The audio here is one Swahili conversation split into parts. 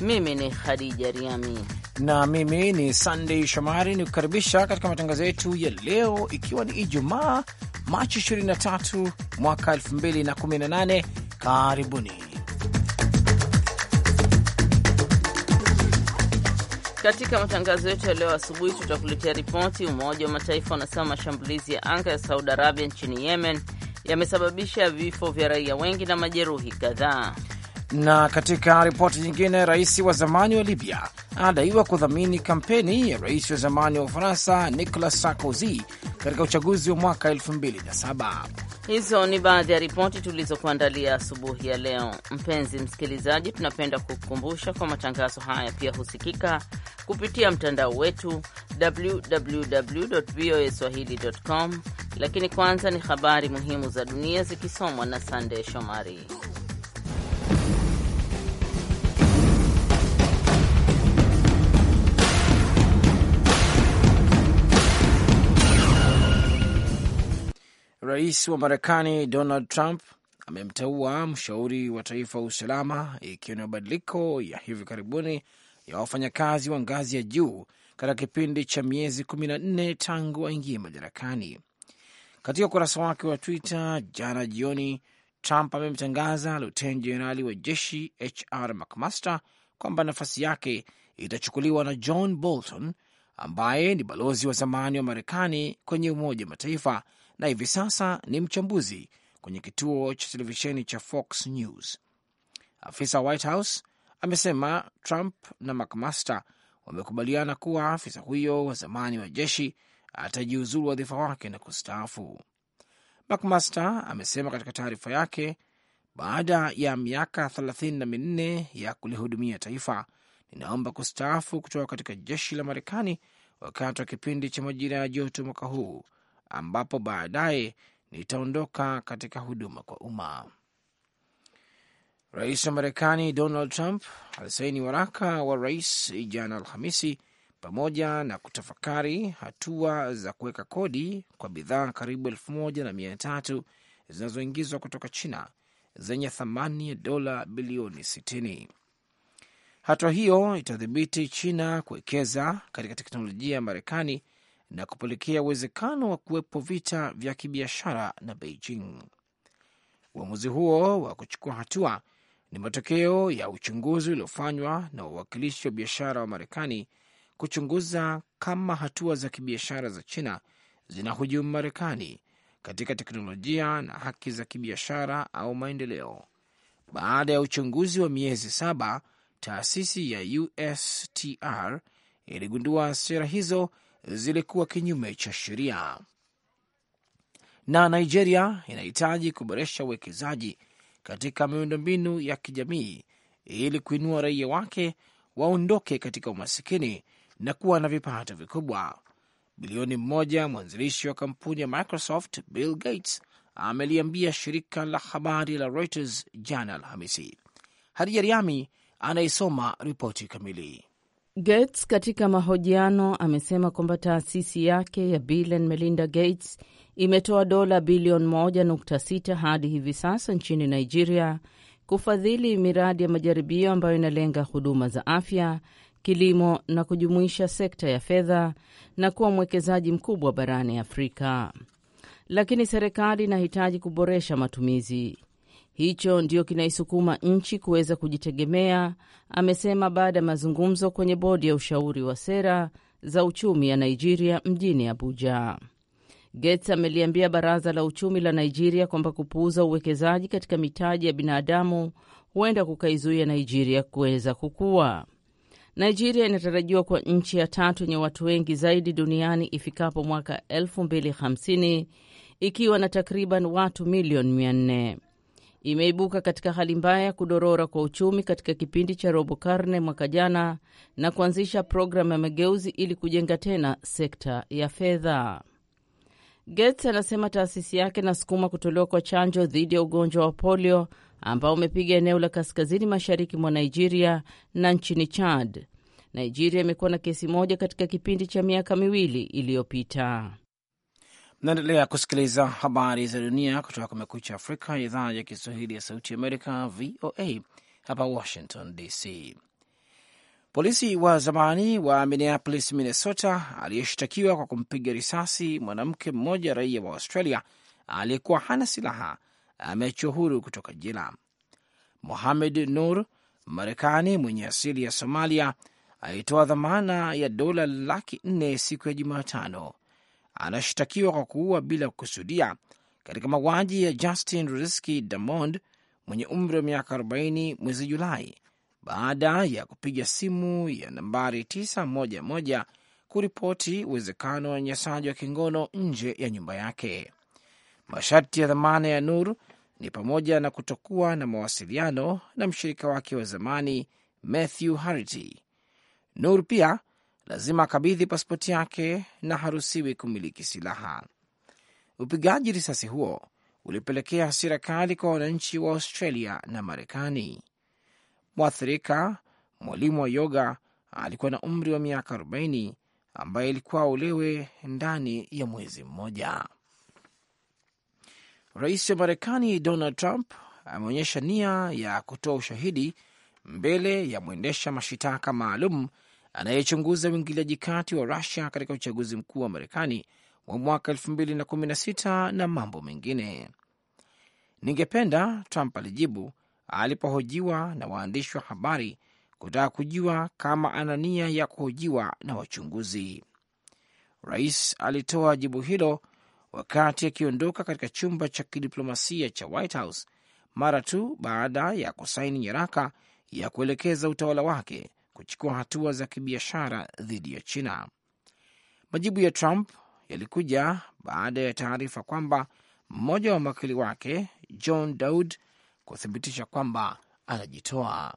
mimi ni Khadija Riami na mimi ni Sandey Shomari, ni kukaribisha katika matangazo yetu ya leo, ikiwa ni Ijumaa Machi 23 mwaka 2018. Karibuni katika matangazo yetu ya leo asubuhi. Tutakuletea ripoti. Umoja wa Mataifa unasema mashambulizi ya anga ya Saudi Arabia nchini Yemen yamesababisha vifo vya raia wengi na majeruhi kadhaa. Na katika ripoti nyingine, rais wa zamani wa Libya anadaiwa kudhamini kampeni ya rais wa zamani wa Ufaransa Nicolas Sarkozy katika uchaguzi wa mwaka 2007. Hizo ni baadhi ya ripoti tulizokuandalia asubuhi ya leo. Mpenzi msikilizaji, tunapenda kukukumbusha kwa matangazo haya pia husikika kupitia mtandao wetu www voa swahili.com. Lakini kwanza ni habari muhimu za dunia zikisomwa na Sandey Shomari. Rais wa Marekani Donald Trump amemteua mshauri wa taifa wa usalama, ikiwa ni mabadiliko ya hivi karibuni ya wafanyakazi wa ngazi ya juu katika kipindi cha miezi 14 tangu aingie madarakani. Katika ukurasa wake wa Twitter jana jioni, Trump amemtangaza luteni jenerali wa jeshi HR McMaster kwamba nafasi yake itachukuliwa na John Bolton ambaye ni balozi wa zamani wa Marekani kwenye Umoja wa Mataifa na hivi sasa ni mchambuzi kwenye kituo cha televisheni cha Fox News. Afisa White House amesema Trump na McMaster wamekubaliana kuwa afisa huyo wa zamani wa jeshi atajiuzulu wadhifa wake na kustaafu. McMaster amesema katika taarifa yake, baada ya miaka thelathini na minne ya kulihudumia taifa, ninaomba kustaafu kutoka katika jeshi la Marekani wakati wa kipindi cha majira ya joto mwaka huu ambapo baadaye nitaondoka katika huduma kwa umma. Rais wa Marekani Donald Trump alisaini waraka wa rais jana Alhamisi, pamoja na kutafakari hatua za kuweka kodi kwa bidhaa karibu elfu moja na mia tatu zinazoingizwa kutoka China zenye thamani ya dola bilioni 60. Hatua hiyo itadhibiti China kuwekeza katika teknolojia ya Marekani na kupelekea uwezekano wa kuwepo vita vya kibiashara na Beijing. Uamuzi huo wa kuchukua hatua ni matokeo ya uchunguzi uliofanywa na wawakilishi wa biashara wa Marekani kuchunguza kama hatua za kibiashara za China zinahujumu Marekani katika teknolojia na haki za kibiashara au maendeleo. Baada ya uchunguzi wa miezi saba, taasisi ya USTR iligundua sera hizo zilikuwa kinyume cha sheria. Na Nigeria inahitaji kuboresha uwekezaji katika miundombinu ya kijamii ili kuinua raia wake waondoke katika umasikini na kuwa na vipato vikubwa. Bilioni mmoja mwanzilishi wa kampuni ya Microsoft Bill Gates ameliambia shirika la habari la Reuters jana Alhamisi. Hadija Riami ripoti kamili. Gates katika mahojiano amesema kwamba taasisi yake ya Bill and Melinda Gates imetoa dola bilioni 1.6 hadi hivi sasa nchini Nigeria kufadhili miradi ya majaribio ambayo inalenga huduma za afya, kilimo na kujumuisha sekta ya fedha na kuwa mwekezaji mkubwa barani Afrika. Lakini serikali inahitaji kuboresha matumizi. Hicho ndio kinaisukuma nchi kuweza kujitegemea, amesema baada ya mazungumzo kwenye bodi ya ushauri wa sera za uchumi ya Nigeria mjini Abuja. Gates ameliambia baraza la uchumi la Nigeria kwamba kupuuza uwekezaji katika mitaji ya binadamu huenda kukaizuia Nigeria kuweza kukua. Nigeria inatarajiwa kwa nchi ya tatu yenye watu wengi zaidi duniani ifikapo mwaka 2050 ikiwa na takriban watu milioni 400 imeibuka katika hali mbaya ya kudorora kwa uchumi katika kipindi cha robo karne mwaka jana na kuanzisha programu ya mageuzi ili kujenga tena sekta ya fedha. Gates anasema taasisi yake inasukuma kutolewa kwa chanjo dhidi ya ugonjwa wa polio ambao umepiga eneo la kaskazini mashariki mwa Nigeria na nchini Chad. Nigeria imekuwa na kesi moja katika kipindi cha miaka miwili iliyopita. Naendelea kusikiliza habari za dunia kutoka Kumekucha Afrika, idhaa ya Kiswahili ya Sauti Amerika, VOA hapa Washington DC. Polisi wa zamani wa Minneapolis, Minnesota, aliyeshtakiwa kwa kumpiga risasi mwanamke mmoja raia wa Australia aliyekuwa hana silaha ameachiwa huru kutoka jela. Mohamed Nur, Marekani mwenye asili ya Somalia, alitoa dhamana ya dola laki nne siku ya Jumatano anashtakiwa kwa kuua bila kukusudia katika mauaji ya Justin Rudiski Damond mwenye umri wa miaka 40 mwezi Julai baada ya kupiga simu ya nambari 911 kuripoti uwezekano wa unyanyasaji wa kingono nje ya nyumba yake. Masharti ya dhamana ya Nur ni pamoja na kutokuwa na mawasiliano na mshirika wake wa zamani Matthew Harity. Nur pia lazima akabidhi pasipoti yake na harusiwi kumiliki silaha. Upigaji risasi huo ulipelekea hasira kali kwa wananchi wa Australia na Marekani. Mwathirika mwalimu wa yoga alikuwa na umri wa miaka 40 ambaye ilikuwa olewe ndani ya mwezi mmoja. Rais wa Marekani Donald Trump ameonyesha nia ya kutoa ushahidi mbele ya mwendesha mashitaka maalum anayechunguza uingiliaji kati wa Rusia katika uchaguzi mkuu wa Marekani wa mwaka 2016 na mambo mengine. Ningependa, Trump alijibu alipohojiwa na waandishi wa habari kutaka kujua kama ana nia ya kuhojiwa na wachunguzi. Rais alitoa jibu hilo wakati akiondoka katika chumba cha kidiplomasia cha White House mara tu baada ya kusaini nyaraka ya kuelekeza utawala wake kuchukua hatua za kibiashara dhidi ya China. Majibu ya Trump yalikuja baada ya taarifa kwamba mmoja wa mawakili wake John Daud kuthibitisha kwamba anajitoa.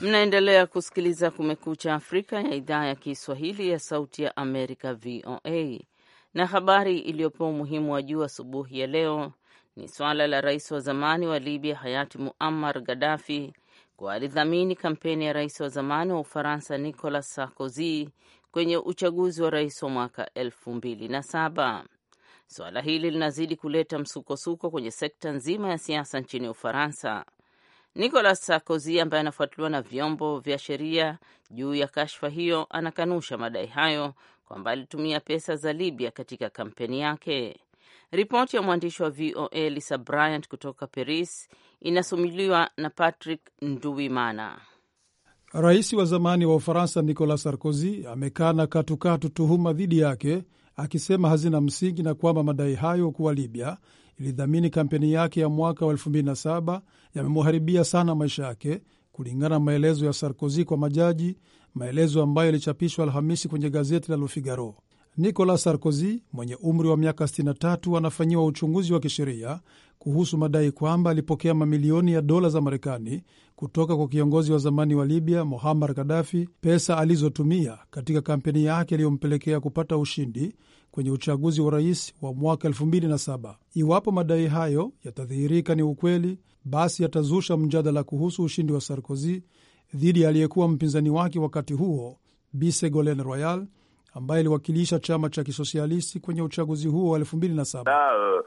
Mnaendelea kusikiliza Kumekucha Afrika ya idhaa ya Kiswahili ya Sauti ya Amerika, VOA. Na habari iliyopewa umuhimu wa juu asubuhi ya leo ni suala la rais wa zamani wa Libya hayati Muammar Gaddafi kuwa alidhamini kampeni ya rais wa zamani wa Ufaransa Nicolas Sarkozy kwenye uchaguzi wa rais wa mwaka elfu mbili na saba. Suala hili linazidi kuleta msukosuko kwenye sekta nzima ya siasa nchini Ufaransa Nicolas Sarkozy ambaye anafuatiliwa na vyombo vya sheria juu ya kashfa hiyo anakanusha madai hayo kwamba alitumia pesa za Libya katika kampeni yake. Ripoti ya mwandishi wa VOA Lisa Bryant kutoka Paris inasumuliwa na Patrick Nduwimana. Rais wa zamani wa Ufaransa Nicolas Sarkozy amekana katukatu tuhuma dhidi yake akisema hazina msingi na kwamba madai hayo kuwa Libya ilidhamini kampeni yake ya mwaka wa 2007 yamemuharibia sana maisha yake, kulingana na maelezo ya Sarkozy kwa majaji, maelezo ambayo yalichapishwa Alhamisi kwenye gazeti la Le Figaro. Nicolas Sarkozy mwenye umri wa miaka 63 anafanyiwa uchunguzi wa kisheria kuhusu madai kwamba alipokea mamilioni ya dola za Marekani kutoka kwa kiongozi wa zamani wa Libya Muhammar Gaddafi, pesa alizotumia katika kampeni yake iliyompelekea kupata ushindi kwenye uchaguzi wa rais wa mwaka 2007. Iwapo madai hayo yatadhihirika ni ukweli, basi yatazusha mjadala kuhusu ushindi wa Sarkozy dhidi ya aliyekuwa mpinzani wake wakati huo bisegolene Royal ambaye aliwakilisha chama cha kisosialisti kwenye uchaguzi huo wa 2007. Euh,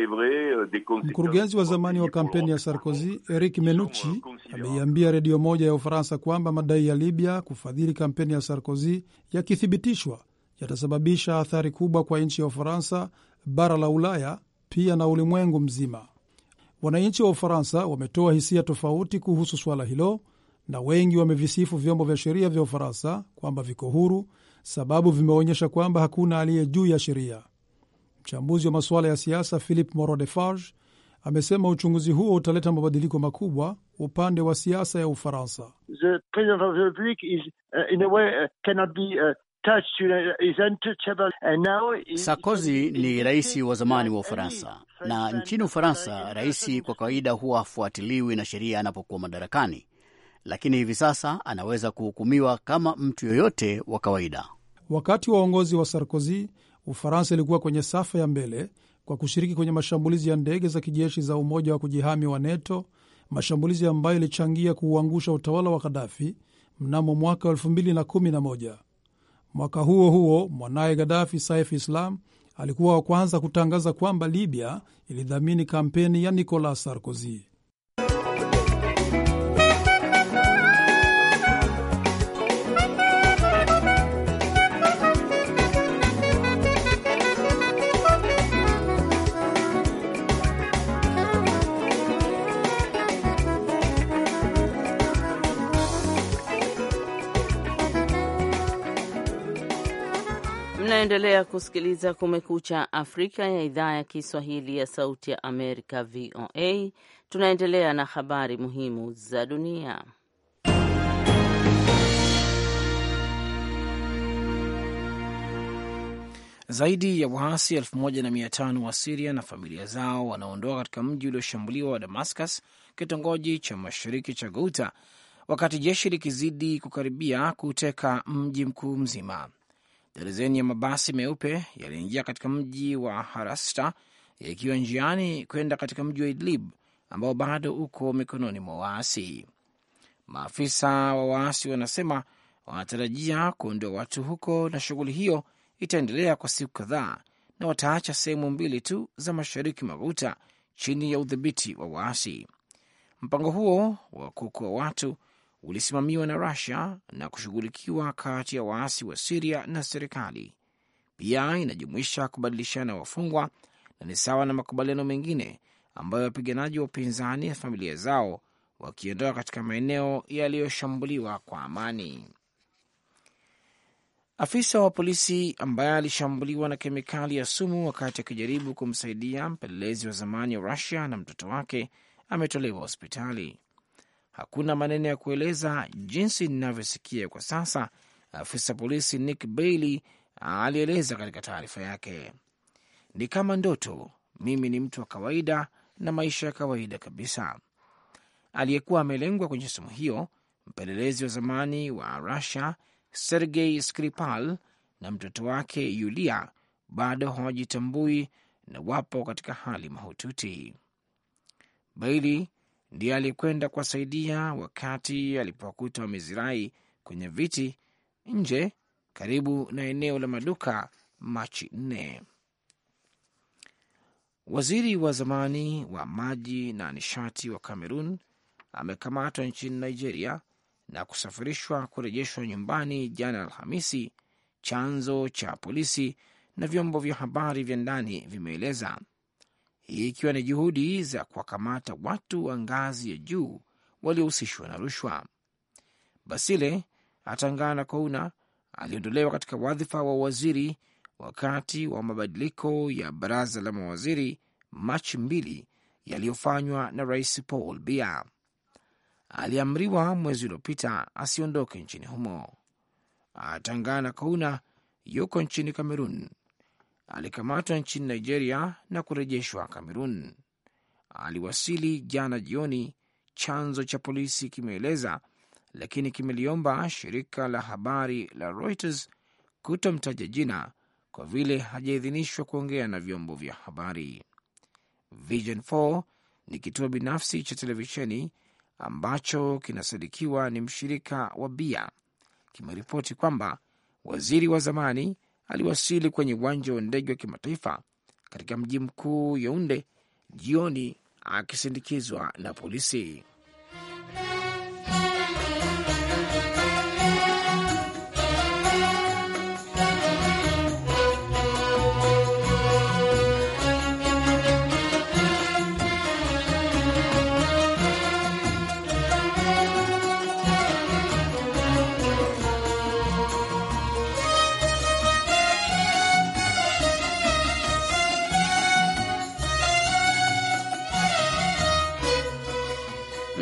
euh, Mkurugenzi wa zamani wa kampeni ya Sarkozy Eric menuchi ameiambia redio moja ya Ufaransa kwamba madai ya Libya kufadhili kampeni ya Sarkozy yakithibitishwa yatasababisha athari kubwa kwa nchi ya Ufaransa, bara la Ulaya pia na ulimwengu mzima. Wananchi wa Ufaransa wametoa hisia tofauti kuhusu suala hilo, na wengi wamevisifu vyombo vya sheria vya Ufaransa kwamba viko huru, sababu vimeonyesha kwamba hakuna aliye juu ya sheria. Mchambuzi wa masuala ya siasa Philip de Defarge amesema uchunguzi huo utaleta mabadiliko makubwa upande wa siasa ya Ufaransa. Sarkozy ni rais wa zamani wa Ufaransa, na nchini Ufaransa rais kwa kawaida huwa hafuatiliwi na sheria anapokuwa madarakani, lakini hivi sasa anaweza kuhukumiwa kama mtu yoyote wa kawaida. Wakati wa uongozi wa Sarkozy, Ufaransa ilikuwa kwenye safa ya mbele kwa kushiriki kwenye mashambulizi ya ndege za kijeshi za Umoja wa kujihami wa NATO, mashambulizi ambayo ilichangia kuuangusha utawala wa Kadafi mnamo mwaka 2011. Mwaka huo huo mwanaye Gadafi, Saif Islam, alikuwa wa kwanza kutangaza kwamba Libya ilidhamini kampeni ya Nicolas Sarkozy. Unaendelea kusikiliza Kumekucha Afrika ya idhaa ya Kiswahili ya Sauti ya Amerika, VOA. Tunaendelea na habari muhimu za dunia. Zaidi ya waasi 1500 wa Siria na familia zao wanaondoka katika mji ulioshambuliwa wa Damascus, kitongoji cha mashariki cha Gouta, wakati jeshi likizidi kukaribia kuteka mji mkuu mzima. Darizeni ya mabasi meupe yaliingia katika mji wa Harasta yakiwa njiani kwenda katika mji wa Idlib ambao bado uko mikononi mwa waasi. Maafisa wa waasi wanasema wanatarajia kuondoa watu huko, na shughuli hiyo itaendelea kwa siku kadhaa, na wataacha sehemu mbili tu za mashariki mwa chini ya udhibiti wa waasi. Mpango huo wa kuokoa watu ulisimamiwa na Rusia na kushughulikiwa kati ya waasi wa Siria na serikali. Pia inajumuisha kubadilishana wafungwa na ni sawa na makubaliano mengine ambayo wapiganaji wa upinzani na familia zao wakiondoka katika maeneo yaliyoshambuliwa kwa amani. Afisa wa polisi ambaye alishambuliwa na kemikali ya sumu wakati akijaribu kumsaidia mpelelezi wa zamani wa Rusia na mtoto wake ametolewa hospitali hakuna maneno ya kueleza jinsi ninavyosikia kwa sasa, afisa polisi Nick Bailey alieleza katika taarifa yake. Ni kama ndoto. Mimi ni mtu wa kawaida na maisha ya kawaida kabisa. Aliyekuwa amelengwa kwenye simu hiyo, mpelelezi wa zamani wa Rusia Sergei Skripal na mtoto wake Yulia bado hawajitambui na wapo katika hali mahututi. Bailey ndiye alikwenda kuwasaidia wakati alipowakuta wamezirai kwenye viti nje karibu na eneo la maduka Machi nne. Waziri wa zamani wa maji na nishati wa Kamerun amekamatwa nchini Nigeria na kusafirishwa kurejeshwa nyumbani jana Alhamisi, chanzo cha polisi na vyombo vya habari vya ndani vimeeleza hii ikiwa ni juhudi za kuwakamata watu wa ngazi ya juu waliohusishwa na rushwa. Basile atangana na Kouna aliondolewa katika wadhifa wa waziri wakati wa mabadiliko ya baraza la mawaziri Machi mbili yaliyofanywa na Rais Paul Biya. Aliamriwa mwezi uliopita asiondoke nchini humo. Atangana Kouna yuko nchini Kamerun alikamatwa nchini Nigeria na kurejeshwa Kamerun. Aliwasili jana jioni, chanzo cha polisi kimeeleza, lakini kimeliomba shirika la habari la Reuters kutomtaja jina kwa vile hajaidhinishwa kuongea na vyombo vya habari. Vision 4 ni kituo binafsi cha televisheni ambacho kinasadikiwa ni mshirika wa bia, kimeripoti kwamba waziri wa zamani aliwasili kwenye uwanja wa ndege wa kimataifa katika mji mkuu Yaunde jioni akisindikizwa na polisi.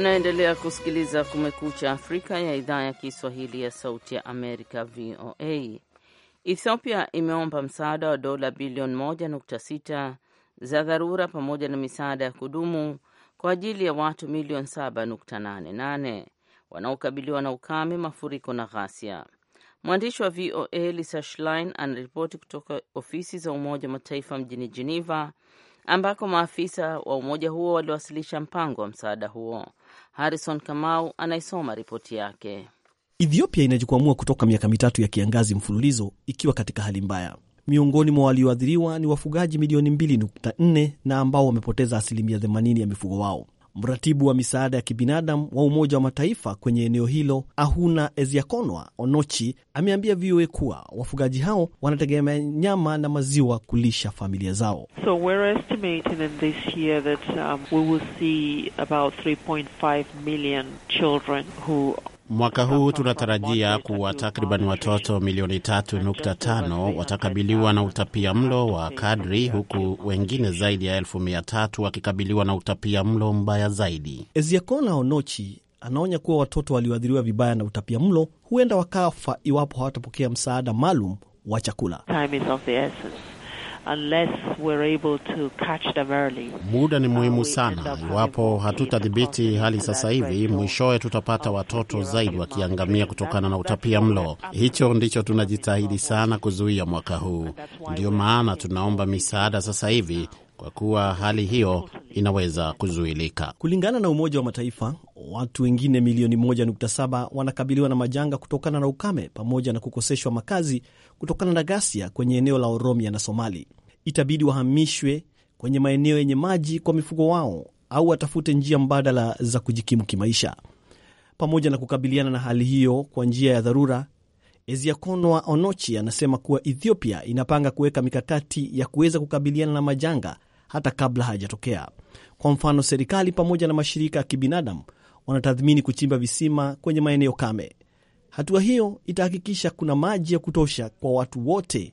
Mnaendelea kusikiliza Kumekucha Afrika ya idhaa ya Kiswahili ya Sauti ya Amerika, VOA. Ethiopia imeomba msaada wa dola bilioni 1.6 za dharura pamoja na misaada ya kudumu kwa ajili ya watu milioni 7.88 wanaokabiliwa na ukame, mafuriko na ghasia. Mwandishi wa VOA Lisa Schlein anaripoti kutoka ofisi za Umoja wa Mataifa mjini Geneva ambako maafisa wa umoja huo waliwasilisha mpango wa msaada huo. Harrison Kamau anaisoma ripoti yake. Ethiopia inajikwamua kutoka miaka mitatu ya kiangazi mfululizo ikiwa katika hali mbaya. Miongoni mwa walioathiriwa ni wafugaji milioni 2.4 na ambao wamepoteza asilimia 80 ya mifugo wao. Mratibu wa misaada ya kibinadamu wa Umoja wa Mataifa kwenye eneo hilo Ahuna Eziakonwa Onochi ameambia VOA kuwa wafugaji hao wanategemea nyama na maziwa kulisha familia zao. So we're estimating in this year that um, we will see about 3.5 million children who Mwaka huu tunatarajia kuwa takriban watoto milioni tatu nukta tano watakabiliwa na utapia mlo wa kadri huku wengine zaidi ya elfu mia tatu wakikabiliwa na utapia mlo mbaya zaidi. Eziakona Onochi anaonya kuwa watoto walioathiriwa vibaya na utapia mlo huenda wakafa iwapo hawatapokea msaada maalum wa chakula. Time is of the essence unless we're able to catch them early. Muda ni muhimu sana. Iwapo hatutadhibiti hali sasa hivi, mwishowe tutapata watoto zaidi wakiangamia kutokana na utapia mlo. Hicho ndicho tunajitahidi sana kuzuia mwaka huu, ndiyo maana tunaomba misaada sasa hivi kwa kuwa hali hiyo inaweza kuzuilika. Kulingana na Umoja wa Mataifa, watu wengine milioni 1.7 wanakabiliwa na majanga kutokana na ukame pamoja na kukoseshwa makazi kutokana na ghasia kwenye eneo la Oromia na Somali itabidi wahamishwe kwenye maeneo yenye maji kwa mifugo wao au watafute njia mbadala za kujikimu kimaisha. Pamoja na kukabiliana na hali hiyo kwa njia ya dharura, Eziakonwa Onochi anasema kuwa Ethiopia inapanga kuweka mikakati ya kuweza kukabiliana na majanga hata kabla hayajatokea. Kwa mfano, serikali pamoja na mashirika ya kibinadamu wanatathmini kuchimba visima kwenye maeneo kame. Hatua hiyo itahakikisha kuna maji ya kutosha kwa watu wote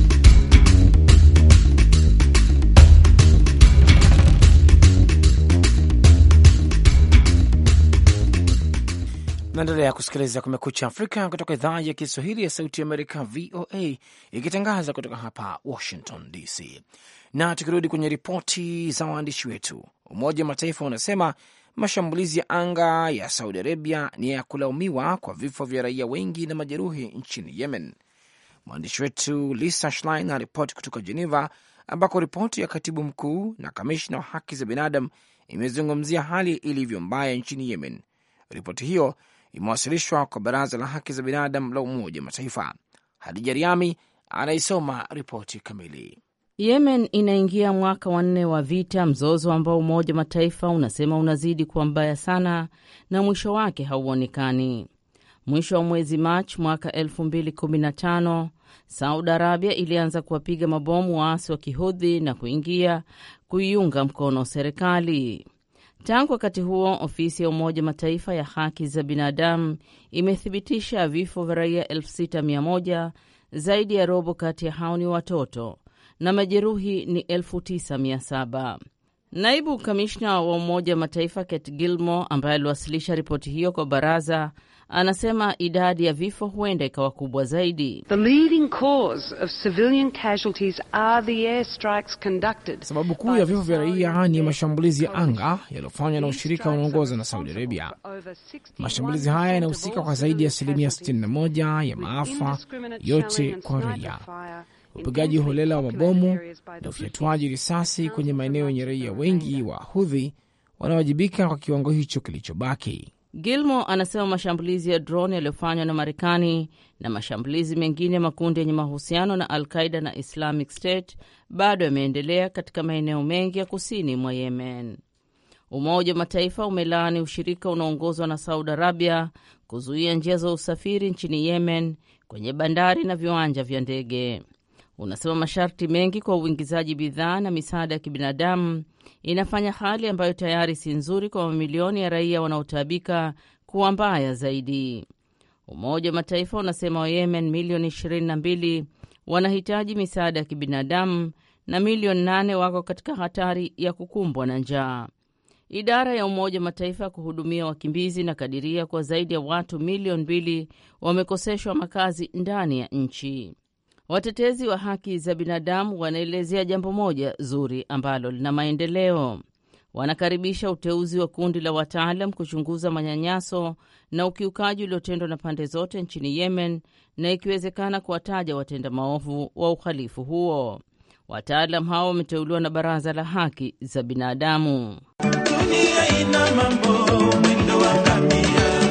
Tunaendelea kusikiliza Kumekucha Afrika kutoka idhaa ya Kiswahili ya Sauti ya Amerika, VOA, ikitangaza kutoka hapa Washington DC. Na tukirudi kwenye ripoti za waandishi wetu, Umoja wa Mataifa unasema mashambulizi ya anga ya Saudi Arabia ni ya kulaumiwa kwa vifo vya raia wengi na majeruhi nchini Yemen. Mwandishi wetu Lisa Schlein anaripoti kutoka Geneva, ambako ripoti ya katibu mkuu na kamishna wa haki za binadamu imezungumzia hali ilivyo mbaya nchini Yemen. Ripoti hiyo imewasilishwa kwa Baraza la Haki za Binadamu la Umoja wa Mataifa. Hadija Riami anaisoma ripoti kamili. Yemen inaingia mwaka wa nne wa vita, mzozo ambao Umoja wa Mataifa unasema unazidi kuwa mbaya sana na mwisho wake hauonekani. Mwisho wa mwezi Machi mwaka 2015 Saudi Arabia ilianza kuwapiga mabomu waasi wa Kihudhi na kuingia kuiunga mkono serikali. Tangu wakati huo, ofisi ya Umoja Mataifa ya haki za binadamu imethibitisha vifo vya raia elfu zaidi ya robo kati ya hao ni watoto na majeruhi ni 97 Naibu kamishna wa Umoja Mataifa Kate Gilmore ambaye aliwasilisha ripoti hiyo kwa baraza anasema idadi ya vifo huenda ikawa kubwa zaidi. Sababu kuu ya vifo vya raia ni mashambulizi ya anga yaliyofanywa na ushirika unaongoza na Saudi Arabia. Mashambulizi haya yanahusika kwa zaidi ya asilimia 61 ya maafa yote kwa raia. Upigaji holela wa mabomu na ufyatuaji risasi kwenye maeneo yenye raia wengi wa Hudhi wanaowajibika kwa kiwango hicho kilichobaki. Gilmore anasema mashambulizi ya drone yaliyofanywa na Marekani na mashambulizi mengine ya makundi yenye mahusiano na Al-Qaida na Islamic State bado yameendelea katika maeneo mengi ya kusini mwa Yemen. Umoja wa Mataifa umelaani ushirika unaoongozwa na Saudi Arabia kuzuia njia za usafiri nchini Yemen kwenye bandari na viwanja vya ndege unasema masharti mengi kwa uingizaji bidhaa na misaada ya kibinadamu inafanya hali ambayo tayari si nzuri kwa mamilioni ya raia wanaotaabika kuwa mbaya zaidi. Umoja wa Mataifa unasema Wayemen milioni 22 wanahitaji misaada ya kibinadamu na milioni 8 wako katika hatari ya kukumbwa na njaa. Idara ya Umoja wa Mataifa ya kuhudumia wakimbizi inakadiria kuwa zaidi ya watu milioni mbili wamekoseshwa makazi ndani ya nchi. Watetezi wa haki za binadamu wanaelezea jambo moja zuri ambalo lina maendeleo. Wanakaribisha uteuzi wa kundi la wataalam kuchunguza manyanyaso na ukiukaji uliotendwa na pande zote nchini Yemen na ikiwezekana kuwataja watenda maovu wa uhalifu huo. Wataalam hao wameteuliwa na Baraza la Haki za Binadamu. Dunia ina mambo, mwendo wa ngamia.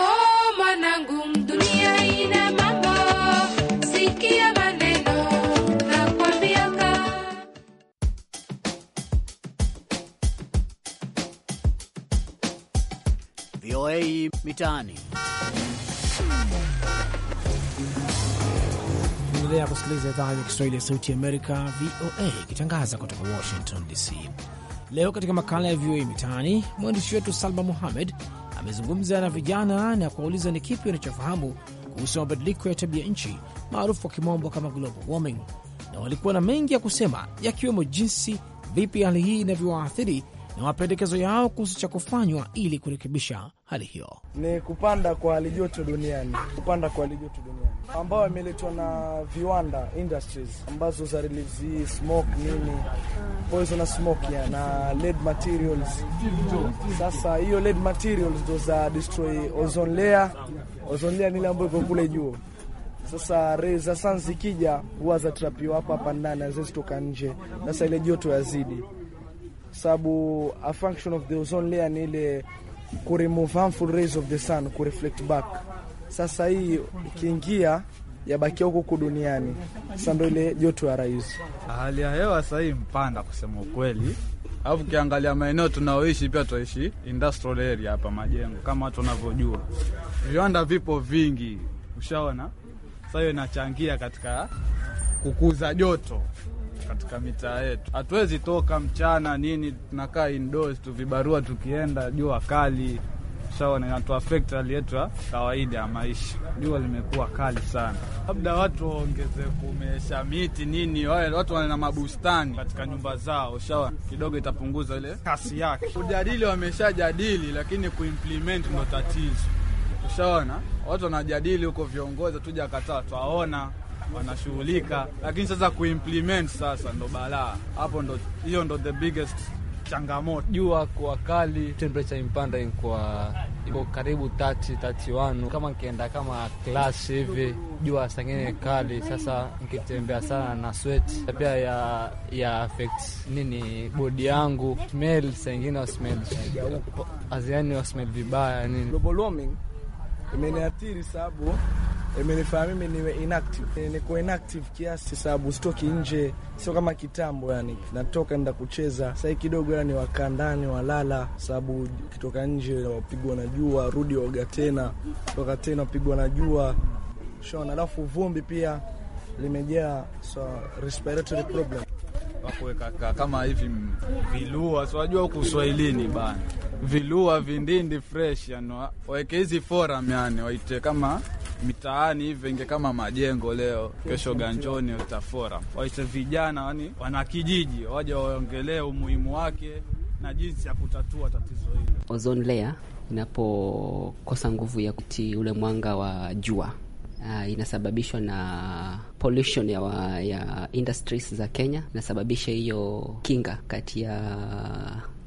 VOA Mitaani. Endelea kusikiliza idhaa ya Kiswahili ya Sauti ya Amerika, VOA, ikitangaza kutoka Washington DC. Leo katika makala ya VOA Mitaani, mwandishi wetu Salma Muhamed amezungumza na vijana na kuwauliza ni kipi wanachofahamu kuhusu mabadiliko ya tabia nchi maarufu kwa kimombo kama global warming, na walikuwa na mengi ya kusema, yakiwemo jinsi vipi hali hii inavyowaathiri na mapendekezo yao kuhusu cha kufanywa ili kurekebisha hali hiyo. Ni kupanda kwa halijoto duniani, kupanda kwa halijoto duniani ambayo imeletwa na viwanda industries ambazo za release smoke nini poison smoke ya na lead materials. Sasa hiyo lead materials ndo za destroy ozone layer. Ozone layer ni ile ambayo iko kule juu. Sasa rei za sun zikija huwa za trapiwa hapa hapa ndani, hazitoka nje. Sasa ile joto yazidi sababu a function of the ozone layer ni ile ku remove harmful rays of the sun ku reflect back. Sasa hii ikiingia yabakia huku duniani, sasa ndio ile joto ya rais. Ah, hali ya hewa sasa hii mpanda kusema ukweli. Alafu ukiangalia maeneo tunaoishi pia tunaishi industrial area hapa, majengo kama watu wanavyojua, viwanda vipo vingi, ushaona. Sasa hiyo inachangia katika kukuza joto katika mitaa yetu. Hatuwezi toka mchana nini, tunakaa indoors tu, vibarua tukienda, jua kali sawa, inatuafekti hali yetu ya kawaida ya maisha. Jua limekuwa kali sana, labda watu waongeze kumesha miti nini, wale watu wana mabustani katika nyumba zao, shawa kidogo itapunguza ile kasi yake. Kujadili wameshajadili, lakini kuimplement ndo tatizo. Ushaona watu wanajadili huko, viongozi tuja kataa, twaona wanashughulika, lakini sasa kuimplement sasa ndo balaa hapo, ndo hiyo ndo the biggest changamoto. Jua kwa kali, temperature impanda kwa iko karibu 30 31. Kama nkienda kama klas hivi, jua sangine kali, sasa nkitembea sana na sweat pia ya ya affect nini bodi yangu, smell sangine au smell aziani au smell vibaya nini, global warming imeniathiri sababu imenifanya mimi niwe inactive, niko inactive kiasi, sababu sitoki nje, sio kama kitambo. Yani natoka nda kucheza sahii kidogo, yani wakaa ndani walala, sababu ukitoka nje wapigwa na jua, rudi waoga tena, toka tena wapigwa na jua shona, alafu vumbi pia limejaa, so respiratory problem Kaka, kama hivi vilua siwajua huku Swahilini bana, vilua vindindi fresh, yani waweke hizi forum, yani waite kama mitaani hivi inge kama majengo leo, kesho ganjoni utafora. Waite vijana yani wanakijiji waje waongelee umuhimu wake na jinsi ya kutatua tatizo hili. Ozone layer inapokosa nguvu ya kuti ule mwanga wa jua Uh, inasababishwa na pollution ya, wa, ya industries za Kenya, inasababisha hiyo kinga kati ya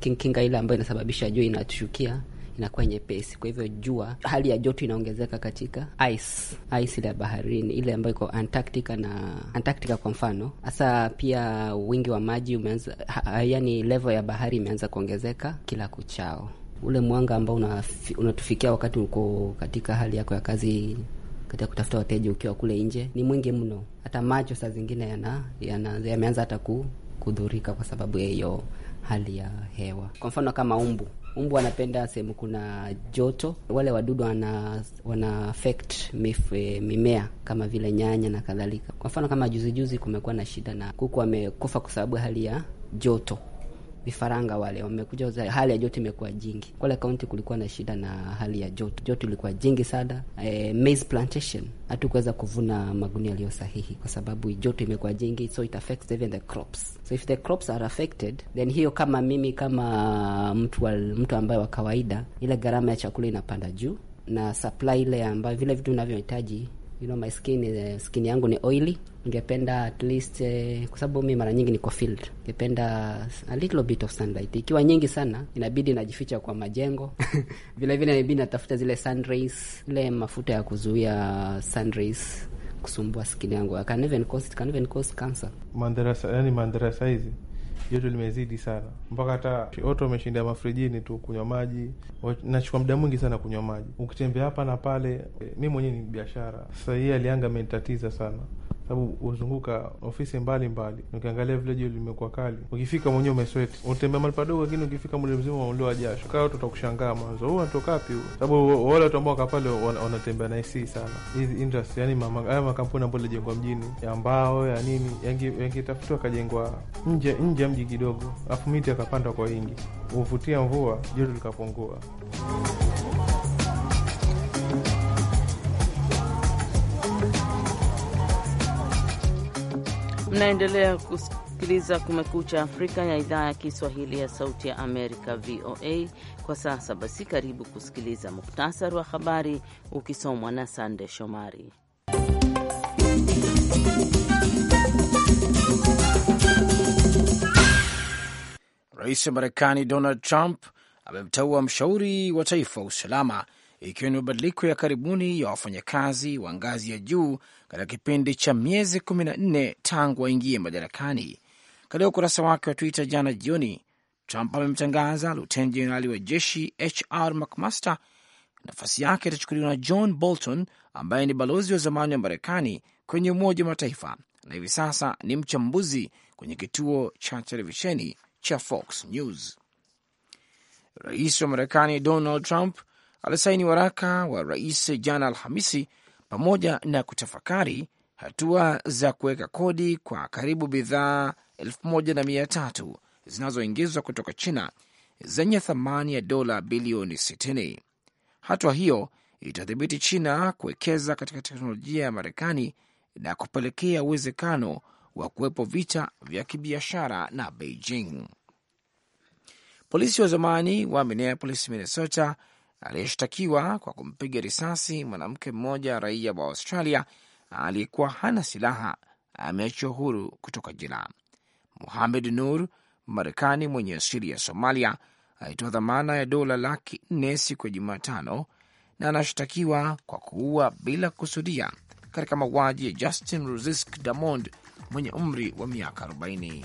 king, kinga ile ambayo inasababisha jua inatushukia inakuwa nyepesi. Kwa hivyo jua, hali ya joto inaongezeka katika ice, ice ile ya baharini ile ambayo iko Antarctica na Antarctica kwa mfano. Hasa pia wingi wa maji umeanza, yaani level ya bahari imeanza kuongezeka kila kuchao. Ule mwanga ambao unatufikia wakati uko katika hali yako ya kazi katika kutafuta wateja ukiwa kule nje ni mwingi mno, hata macho saa zingine yana, yana, yameanza hata kudhurika kwa sababu ya hiyo hali ya hewa. Kwa mfano kama umbu Mbu wanapenda sehemu kuna joto. Wale wadudu wana, wana affect mif, eh, mimea kama vile nyanya na kadhalika. Kwa mfano kama juzijuzi, kumekuwa na shida na kuku wamekufa kwa sababu hali ya joto vifaranga wale wamekuja, hali ya joto imekuwa jingi Kwale kaunti, kulikuwa na shida na hali ya joto, joto ilikuwa jingi sana. E, maize plantation hatukuweza kuvuna magunia yaliyo sahihi kwa sababu joto imekuwa jingi, so it affects even the crops. So if the crops are affected then hiyo, kama mimi kama mtu, mtu ambaye wa kawaida, ile gharama ya chakula inapanda juu na supply ile ambayo vile vitu vinavyohitaji you know my skin is, eh, skin yangu ni oily. Ningependa at least uh, kwa sababu mimi mara nyingi niko field, ningependa a little bit of sunlight. Ikiwa nyingi sana, inabidi najificha kwa majengo vile vile inabidi natafuta zile sun rays, ile mafuta ya kuzuia sun rays kusumbua skin yangu. I can even cause, it can even cause cancer. Mandarasa, yani mandarasa hizi joto limezidi sana mpaka hata oto wameshinda mafrijini tu kunywa maji. Nachukua muda mwingi sana kunywa maji, ukitembea hapa na pale. Eh, mi mwenyewe ni biashara sasa, hii alianga amenitatiza sana sababu huzunguka ofisi mbalimbali, ukiangalia vile jua limekuwa kali, ukifika mwenyewe umesweti, utembea mali padogo, lakini ukifika mwili mzima umeloa jasho, kaa watu watakushangaa mwanzo, huu anatoka wapi huu? Sababu wale watu ambao kapale wanatembea na hisi sana hizi industry, yani haya makampuni ambayo yalijengwa mjini ya mbao ya nini, yangetafutiwa akajengwa nje nje ya mji kidogo, afu miti akapandwa kwa wingi, huvutia mvua, joto likapungua. Mnaendelea kusikiliza Kumekucha Afrika ya idhaa ya Kiswahili ya Sauti ya Amerika, VOA. Kwa sasa basi, karibu kusikiliza muktasari wa habari ukisomwa na Sande Shomari. Rais wa Marekani Donald Trump amemteua mshauri wa taifa wa usalama, ikiwa ni mabadiliko ya karibuni ya wafanyakazi wa ngazi ya juu katika kipindi cha miezi 14 tangu aingie madarakani. Katika ukurasa wake wa Twitter jana jioni, Trump amemtangaza luteni jenerali wa jeshi HR McMaster. Nafasi yake itachukuliwa na John Bolton ambaye ni balozi wa zamani wa Marekani kwenye Umoja wa Mataifa na hivi sasa ni mchambuzi kwenye kituo cha televisheni cha Fox News. Rais wa Marekani Donald Trump alisaini waraka wa rais jana Alhamisi pamoja na kutafakari hatua za kuweka kodi kwa karibu bidhaa elfu moja na mia tatu zinazoingizwa kutoka China zenye thamani ya dola bilioni 60. Hatua hiyo itadhibiti China kuwekeza katika teknolojia ya Marekani na kupelekea uwezekano wa kuwepo vita vya kibiashara na Beijing. Polisi wa zamani wa Minneapolis, Minnesota aliyeshtakiwa kwa kumpiga risasi mwanamke mmoja raia wa Australia aliyekuwa hana silaha ameachiwa huru kutoka jela. Muhamed Nur, Marekani mwenye asili ya Somalia, alitoa dhamana ya dola laki nne siku ya Jumatano na anashtakiwa kwa kuua bila kusudia katika mauaji ya Justin Ruzisk Damond mwenye umri wa miaka 40.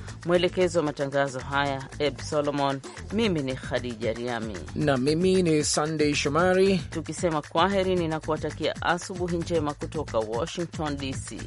Mwelekezi wa matangazo haya Eb Solomon, mimi ni Khadija Riami na mimi ni Sandey Shomari, tukisema kwaheri, ninakuwatakia asubuhi njema kutoka Washington DC.